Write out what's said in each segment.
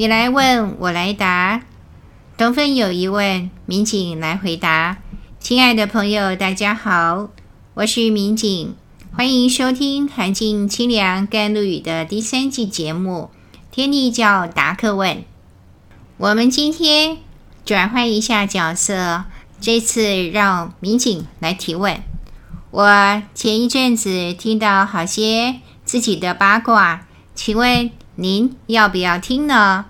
你來問我來答，同奮有疑問，民警來回答。親愛的朋友，大家好，我是民警，歡迎收聽寒境清涼甘露雨的第三季節目《天帝教答客問》。我們今天轉換一下角色，這次讓民警來提問。我前一陣子聽到好些自己的八卦，請問您要不要聽呢？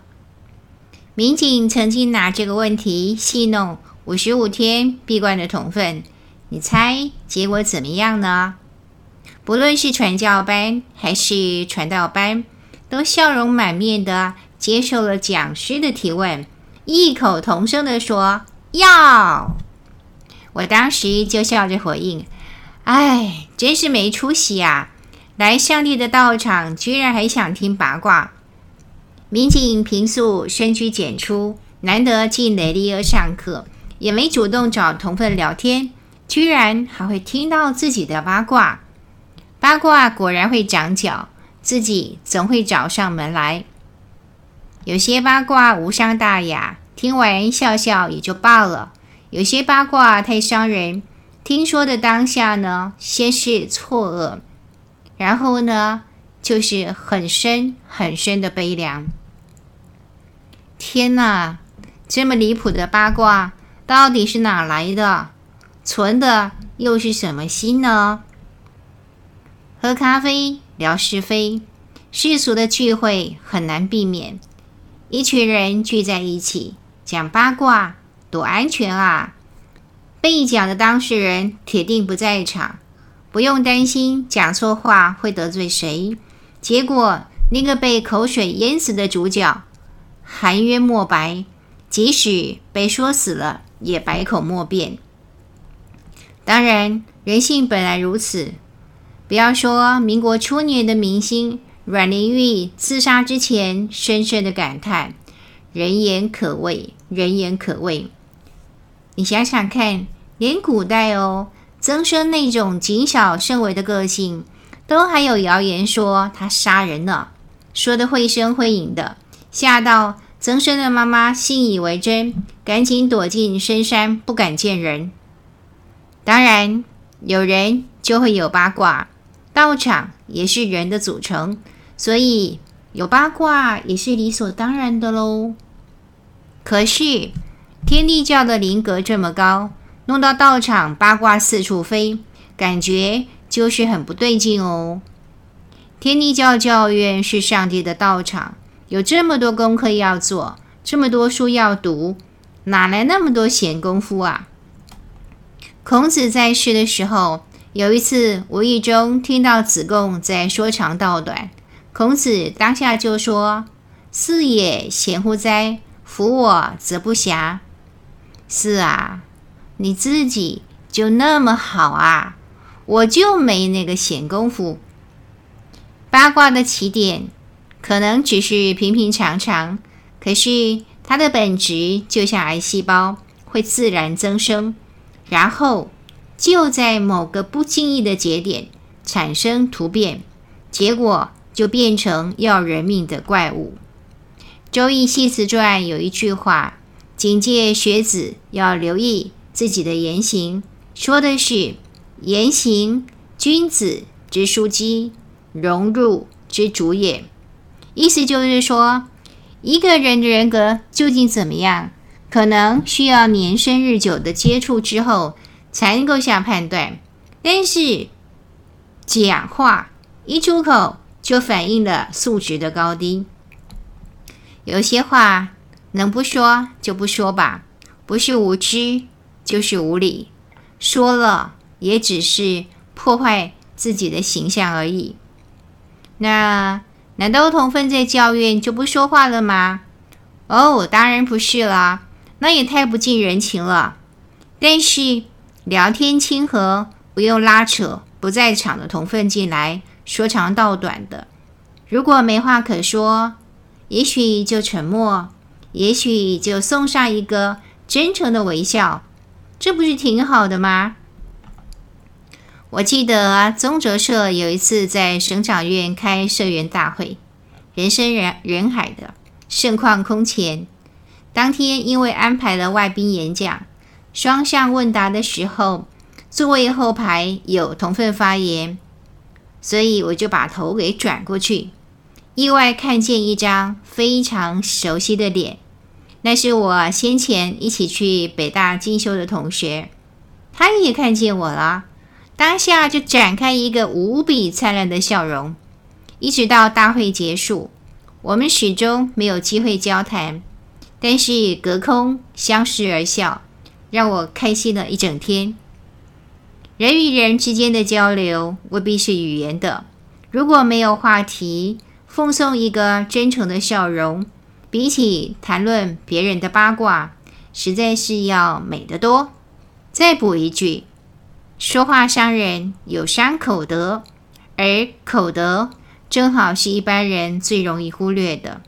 民警曾經拿這個問題戲弄五十五天閉關的同奮，你猜結果怎麼樣呢？不論是傳教班還是傳道班，都笑容滿面的接受了講師的提問，異口同聲的說要。我當時就笑着回應：“哎，真是沒出息呀、啊！來上帝的道場，居然還想聽八卦。”民警平素深居簡出，難得既雷麗兒上課，也沒主動找同奮聊天，居然還會聽到自己的八卦。八卦果然會長腳，自己總會找上門來。有些八卦無傷大雅，聽完笑笑也就罷了；有些八卦太傷人，聽說的當下呢，先是錯愕，然後呢，就是很深很深的悲涼。天哪，這麼離譜的八卦到底是哪來的？存的又是什麼心呢？喝咖啡聊是非，世俗的聚會很難避免。一群人聚在一起講八卦，多安全啊！被講的當事人鐵定不在場，不用擔心講錯話會得罪誰。結果那個被口水淹死的主角。含冤莫白，即使被說死了，也百口莫辯。當然，人性本來如此。不要說民國初年的明星阮玲玉自殺之前，深深的感嘆“人言可畏，人言可畏”。你想想看，連古代哦，曾參那種謹小慎微的個性，都還有謠言說他殺人了，說的繪聲繪影的。嚇到曾參的媽媽信以為真，趕緊躲進深山，不敢見人。當然，有人就會有八卦，道場也是人的組成，所以有八卦也是理所當然的嘍。可是，天帝教的靈格這麼高，弄到道場八卦四處飛，感覺就是很不對勁哦。天帝教教院是上帝的道場。有這麼多功課要做，這麼多書要讀，哪來那麼多閒工夫啊？孔子在世的時候，有一次無意中聽到子貢在說長道短，孔子當下就說：“賜也，賢乎哉？夫我則不暇。”是啊，你自己就那麼好啊，我就沒那個閒工夫。八卦的起點。可能只是平平常常，可是它的本質就像癌細胞，會自然增生，然後就在某個不經意的節點產生突變，結果就變成要人命的怪物。《周易繫辭傳》有一句話：“警戒學子要留意自己的言行。”說的是言行，君子之樞機，榮辱之主也。意思就是說，一個人的人格究竟怎麼樣，可能需要年深日久的接觸之後才能夠下判斷。但是，講話一出口就反映了素質的高低。有些話能不說就不說吧，不是無知就是無理，說了也只是破壞自己的形象而已。那。難道同奮在教院就不說話了嗎？哦，當然不是啦，那也太不近人情了。但是聊天親和，不用拉扯，不在場的同奮進來說長道短的，如果沒話可說，也許就沉默，也許就送上一個真誠的微笑，這不是挺好的嗎？我記得宗哲社有一次在省長院開社員大會，人山人人海的，盛況空前。當天因為安排了外賓演講，雙向問答的時候，座位後排有同奮發言，所以我就把頭給轉過去，意外看見一張非常熟悉的臉，那是我先前一起去北大進修的同學，他也看見我了。當下就展開一個無比燦爛的笑容，一直到大會結束，我們始終沒有機會交談，但是隔空相視而笑，讓我開心了一整天。人與人之間的交流未必是語言的，如果沒有話題，奉送一個真誠的笑容，比起談論別人的八卦，實在是要美得多。再補一句。說話傷人，有傷口德，而口德正好是一般人最容易忽略的，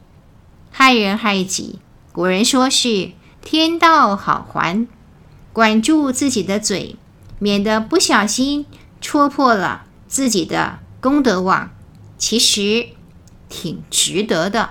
害人害己。古人說是天道好還，管住自己的嘴，免得不小心戳破了自己的功德網。其實挺值得的。